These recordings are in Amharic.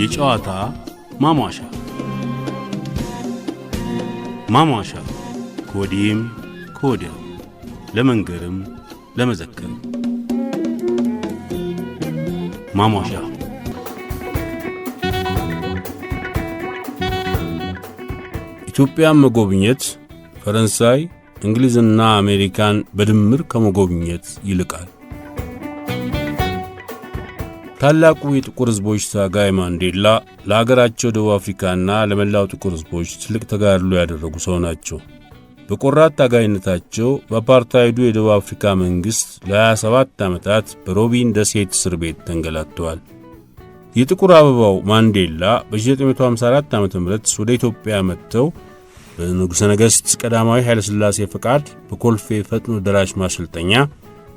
የጨዋታ ማሟሻ ማሟሻ ከወዲህም ከወዲያው ለመንገርም ለመዘከርም ማሟሻ ኢትዮጵያን መጎብኘት ፈረንሳይ እንግሊዝና አሜሪካን በድምር ከመጎብኘት ይልቃል። ታላቁ የጥቁር ህዝቦች ታጋይ ማንዴላ ለአገራቸው ደቡብ አፍሪካና ለመላው ጥቁር ሕዝቦች ትልቅ ተጋድሎ ያደረጉ ሰው ናቸው። በቆራት ታጋይነታቸው በአፓርታይዱ የደቡብ አፍሪካ መንግሥት ለ27 ዓመታት በሮቢን ደሴት እስር ቤት ተንገላተዋል። የጥቁር አበባው ማንዴላ በ1954 ዓ ም ወደ ኢትዮጵያ መጥተው በንጉሠ ነገሥት ቀዳማዊ ኃይለሥላሴ ፈቃድ በኮልፌ ፈጥኖ ደራሽ ማሰልጠኛ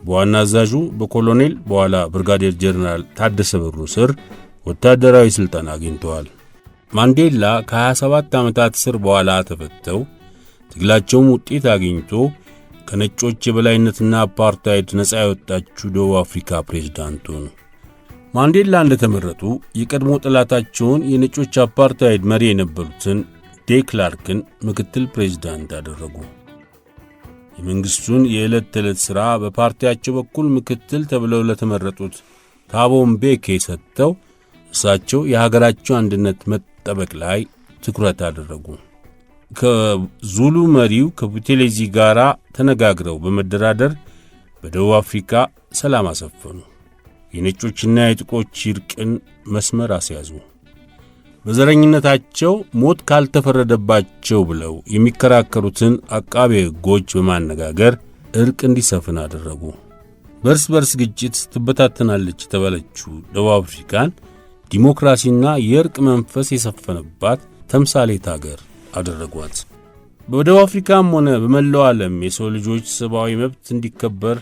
በዋና አዛዡ በኮሎኔል በኋላ ብርጋዴር ጀነራል ታደሰ ብሩ ስር ወታደራዊ ሥልጠና አግኝተዋል። ማንዴላ ከ27 ዓመታት እስር በኋላ ተፈተው ትግላቸውም ውጤት አግኝቶ ከነጮች የበላይነትና አፓርታይድ ነፃ የወጣችው ደቡብ አፍሪካ ፕሬዝዳንቱ ነው። ማንዴላ እንደተመረጡ የቀድሞ ጠላታቸውን የነጮች አፓርታይድ መሪ የነበሩትን ዴክላርክን ምክትል ፕሬዝዳንት አደረጉ። የመንግሥቱን የዕለት ተዕለት ሥራ በፓርቲያቸው በኩል ምክትል ተብለው ለተመረጡት ታቦም ቤኬ ሰጥተው እሳቸው የሀገራቸው አንድነት መጠበቅ ላይ ትኩረት አደረጉ። ከዙሉ መሪው ከቡቴሌዚ ጋር ተነጋግረው በመደራደር በደቡብ አፍሪካ ሰላም አሰፈኑ። የነጮችና የጥቆች ይርቅን መስመር አስያዙ። በዘረኝነታቸው ሞት ካልተፈረደባቸው ብለው የሚከራከሩትን አቃቤ ሕጎች በማነጋገር እርቅ እንዲሰፍን አደረጉ። በእርስ በርስ ግጭት ትበታተናለች የተባለችው ደቡብ አፍሪካን ዲሞክራሲና የእርቅ መንፈስ የሰፈነባት ተምሳሌት አገር አደረጓት። በደቡብ አፍሪካም ሆነ በመላው ዓለም የሰው ልጆች ሰብአዊ መብት እንዲከበር፣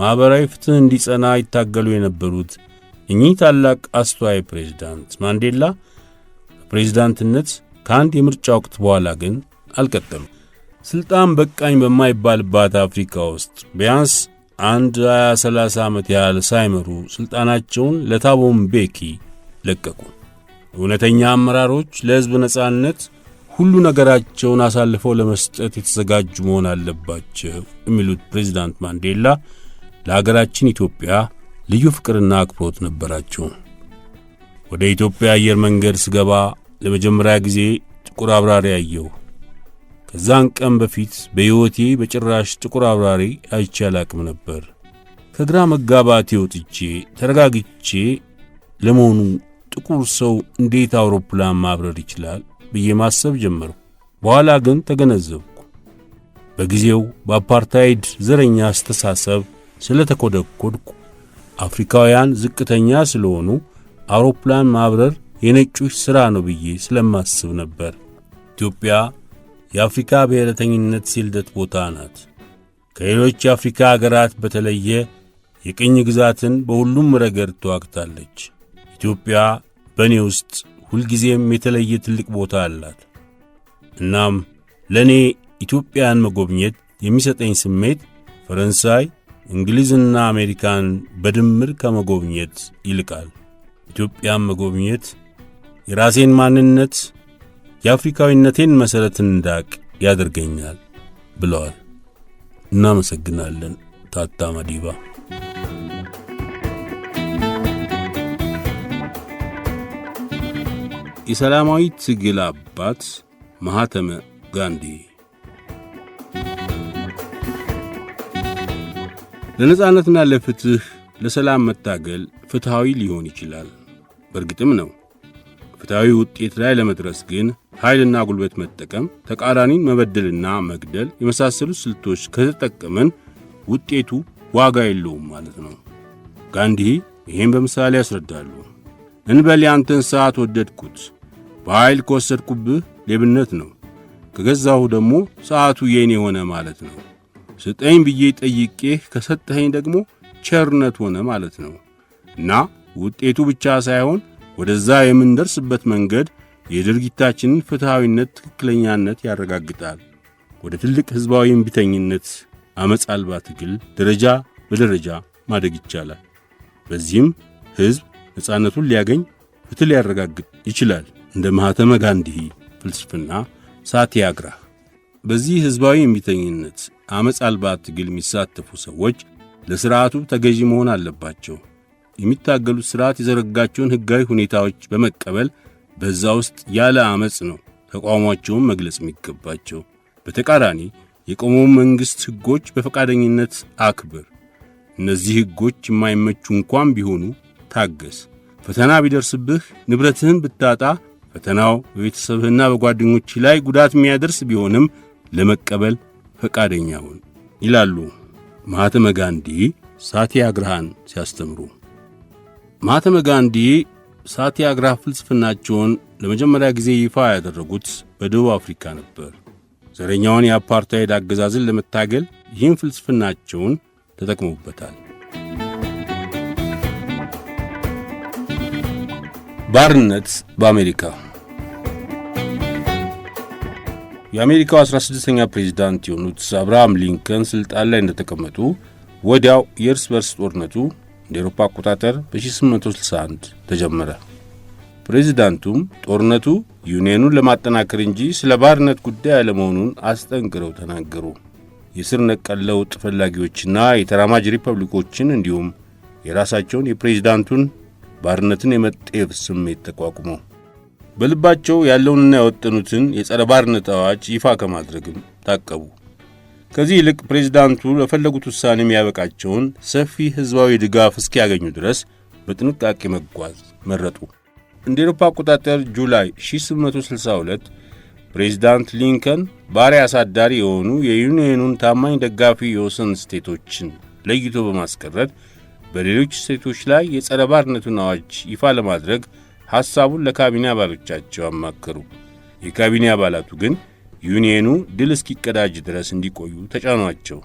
ማኅበራዊ ፍትሕ እንዲጸና ይታገሉ የነበሩት እኚህ ታላቅ አስተዋይ ፕሬዝዳንት ማንዴላ ፕሬዝዳንትነት ከአንድ የምርጫ ወቅት በኋላ ግን አልቀጠሉም። ስልጣን በቃኝ በማይባልባት አፍሪካ ውስጥ ቢያንስ አንድ 230 30 ዓመት ያህል ሳይመሩ ሥልጣናቸውን ለታቦም ቤኪ ለቀቁ። እውነተኛ አመራሮች ለሕዝብ ነጻነት ሁሉ ነገራቸውን አሳልፈው ለመስጠት የተዘጋጁ መሆን አለባቸው የሚሉት ፕሬዚዳንት ማንዴላ ለአገራችን ኢትዮጵያ ልዩ ፍቅርና አክብሮት ነበራቸው። ወደ ኢትዮጵያ አየር መንገድ ስገባ ለመጀመሪያ ጊዜ ጥቁር አብራሪ አየሁ። ከዛን ቀን በፊት በሕይወቴ በጭራሽ ጥቁር አብራሪ አይቼ አላቅም ነበር። ከግራ መጋባቴ ወጥቼ ተረጋግቼ፣ ለመሆኑ ጥቁር ሰው እንዴት አውሮፕላን ማብረር ይችላል ብዬ ማሰብ ጀመርኩ። በኋላ ግን ተገነዘብኩ። በጊዜው በአፓርታይድ ዘረኛ አስተሳሰብ ስለተኮደኮድኩ አፍሪካውያን ዝቅተኛ ስለሆኑ አውሮፕላን ማብረር የነጮች ሥራ ነው ብዬ ስለማስብ ነበር። ኢትዮጵያ የአፍሪካ ብሔረተኝነት ሲልደት ቦታ ናት። ከሌሎች የአፍሪካ አገራት በተለየ የቅኝ ግዛትን በሁሉም ረገድ ተዋግታለች። ኢትዮጵያ በእኔ ውስጥ ሁልጊዜም የተለየ ትልቅ ቦታ አላት። እናም ለእኔ ኢትዮጵያን መጎብኘት የሚሰጠኝ ስሜት ፈረንሳይ፣ እንግሊዝና አሜሪካን በድምር ከመጎብኘት ይልቃል። ኢትዮጵያን መጎብኘት የራሴን ማንነት የአፍሪካዊነቴን መሠረት እንዳቅ ያደርገኛል ብለዋል። እናመሰግናለን ታታ ማዲባ። የሰላማዊ ትግል አባት ማህተመ ጋንዲ ለነጻነትና ለፍትህ ለሰላም መታገል ፍትሐዊ ሊሆን ይችላል። በእርግጥም ነው። ፍትሐዊ ውጤት ላይ ለመድረስ ግን ኃይልና ጉልበት መጠቀም፣ ተቃራኒን መበደልና መግደል የመሳሰሉት ስልቶች ከተጠቀምን ውጤቱ ዋጋ የለውም ማለት ነው። ጋንዲ ይህም በምሳሌ ያስረዳሉ። እንበል ያንተን ሰዓት ወደድኩት፣ በኃይል ከወሰድኩብህ ሌብነት ነው፣ ከገዛሁ ደግሞ ሰዓቱ የኔ ሆነ ማለት ነው። ስጠኝ ብዬ ጠይቄህ ከሰጠኸኝ ደግሞ ቸርነት ሆነ ማለት ነው። እና ውጤቱ ብቻ ሳይሆን ወደዛ የምንደርስበት መንገድ የድርጊታችንን ፍትሐዊነት፣ ትክክለኛነት ያረጋግጣል። ወደ ትልቅ ሕዝባዊ እምቢተኝነት፣ አመፅ አልባ ትግል ደረጃ በደረጃ ማደግ ይቻላል። በዚህም ሕዝብ ነፃነቱን ሊያገኝ፣ ፍትሕ ሊያረጋግጥ ይችላል። እንደ ማኅተመ ጋንዲሂ ፍልስፍና ሳቲያግራ በዚህ ሕዝባዊ እምቢተኝነት፣ አመፅ አልባ ትግል የሚሳተፉ ሰዎች ለሥርዓቱ ተገዢ መሆን አለባቸው። የሚታገሉት ሥርዓት የዘረጋቸውን ሕጋዊ ሁኔታዎች በመቀበል በዛ ውስጥ ያለ አመፅ ነው ተቃውሟቸውን መግለጽ የሚገባቸው። በተቃራኒ የቆመው መንግሥት ሕጎች በፈቃደኝነት አክብር። እነዚህ ሕጎች የማይመቹ እንኳን ቢሆኑ ታገስ። ፈተና ቢደርስብህ፣ ንብረትህን ብታጣ፣ ፈተናው በቤተሰብህና በጓደኞች ላይ ጉዳት የሚያደርስ ቢሆንም ለመቀበል ፈቃደኛ ሁን ይላሉ ማህተመ ጋንዲ ሳትያግርሃን ሲያስተምሩ ማህተመ ጋንዲ ሳቲያግራፍ ፍልስፍናቸውን ለመጀመሪያ ጊዜ ይፋ ያደረጉት በደቡብ አፍሪካ ነበር። ዘረኛውን የአፓርታይድ አገዛዝን ለመታገል ይህን ፍልስፍናቸውን ተጠቅመውበታል። ባርነት በአሜሪካ የአሜሪካው 16ኛ ፕሬዚዳንት የሆኑት አብርሃም ሊንከን ሥልጣን ላይ እንደተቀመጡ ወዲያው የእርስ በርስ ጦርነቱ እንደ ኤሮፓ አቆጣጠር በ1861 ተጀመረ። ፕሬዚዳንቱም ጦርነቱ ዩኒየኑን ለማጠናከር እንጂ ስለ ባርነት ጉዳይ አለመሆኑን አስጠንቅረው ተናገሩ። የስር ነቀል ለውጥ ፈላጊዎችና የተራማጅ ሪፐብሊኮችን እንዲሁም የራሳቸውን የፕሬዚዳንቱን ባርነትን የመጠየፍ ስሜት ተቋቁመው በልባቸው ያለውንና ያወጠኑትን የጸረ ባርነት አዋጅ ይፋ ከማድረግም ታቀቡ። ከዚህ ይልቅ ፕሬዚዳንቱ ለፈለጉት ውሳኔ የሚያበቃቸውን ሰፊ ሕዝባዊ ድጋፍ እስኪያገኙ ድረስ በጥንቃቄ መጓዝ መረጡ። እንደ ኤሮፓ አቆጣጠር ጁላይ 1862 ፕሬዚዳንት ሊንከን ባሪያ አሳዳሪ የሆኑ የዩኒየኑን ታማኝ ደጋፊ የወሰን ስቴቶችን ለይቶ በማስቀረት በሌሎች ስቴቶች ላይ የጸረ ባርነቱን አዋጅ ይፋ ለማድረግ ሐሳቡን ለካቢኔ አባሎቻቸው አማከሩ። የካቢኔ አባላቱ ግን ዩኒየኑ ድል እስኪቀዳጅ ድረስ እንዲቆዩ ተጫኗቸው።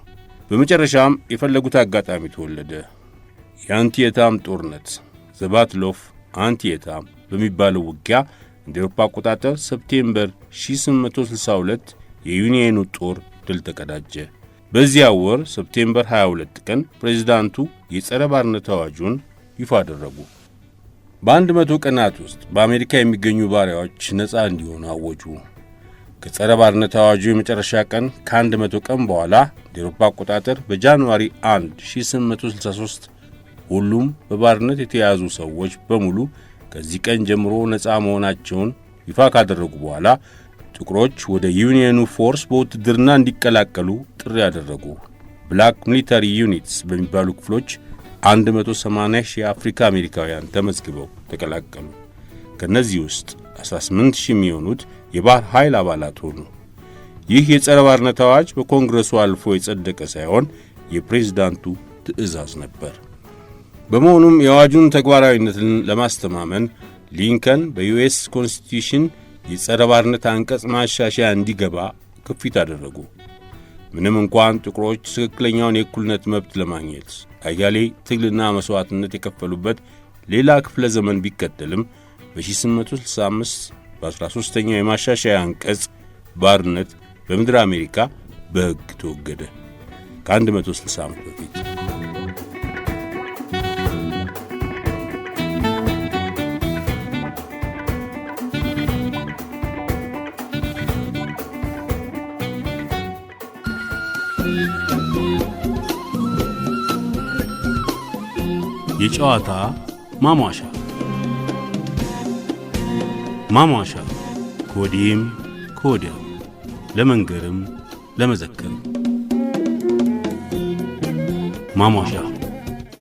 በመጨረሻም የፈለጉት አጋጣሚ ተወለደ። የአንቲየታም ጦርነት ዘባትሎፍ አንቲየታም በሚባለው ውጊያ እንደ ኤሮፓ አቆጣጠር ሰፕቴምበር 1862 የዩኒየኑ ጦር ድል ተቀዳጀ። በዚያ ወር ሰፕቴምበር 22 ቀን ፕሬዚዳንቱ የጸረ ባርነት አዋጁን ይፋ አደረጉ። በአንድ መቶ ቀናት ውስጥ በአሜሪካ የሚገኙ ባሪያዎች ነፃ እንዲሆኑ አወጁ። ከጸረ ባርነት አዋጁ የመጨረሻ ቀን ከአንድ መቶ ቀን በኋላ እንደ አቆጣጠር በጃንዋሪ 1 1863 ሁሉም በባርነት የተያዙ ሰዎች በሙሉ ከዚህ ቀን ጀምሮ ነፃ መሆናቸውን ይፋ ካደረጉ በኋላ ጥቁሮች ወደ ዩኒየኑ ፎርስ በውትድርና እንዲቀላቀሉ ጥሪ ያደረጉ። ብላክ ሚሊታሪ ዩኒትስ በሚባሉ ክፍሎች 180 ሺህ አፍሪካ አሜሪካውያን ተመዝግበው ተቀላቀሉ። ከእነዚህ ውስጥ 18 ሺህ የሚሆኑት የባህር ኃይል አባላት ሆኑ። ይህ የጸረ ባርነት አዋጅ በኮንግረሱ አልፎ የጸደቀ ሳይሆን የፕሬዝዳንቱ ትዕዛዝ ነበር። በመሆኑም የአዋጁን ተግባራዊነትን ለማስተማመን ሊንከን በዩኤስ ኮንስቲቱሽን የጸረ ባርነት አንቀጽ ማሻሻያ እንዲገባ ክፊት አደረጉ። ምንም እንኳን ጥቁሮች ትክክለኛውን የእኩልነት መብት ለማግኘት አያሌ ትግልና መሥዋዕትነት የከፈሉበት ሌላ ክፍለ ዘመን ቢከተልም በ1865 በ13ኛው የማሻሻያ አንቀጽ ባርነት በምድር አሜሪካ በሕግ ተወገደ። ከ160 ዓመት በፊት የጨዋታ ማሟሻ ማሟሻ ኮዲም ኮዲያ ለመንገርም ለመዘከርም ማሟሻ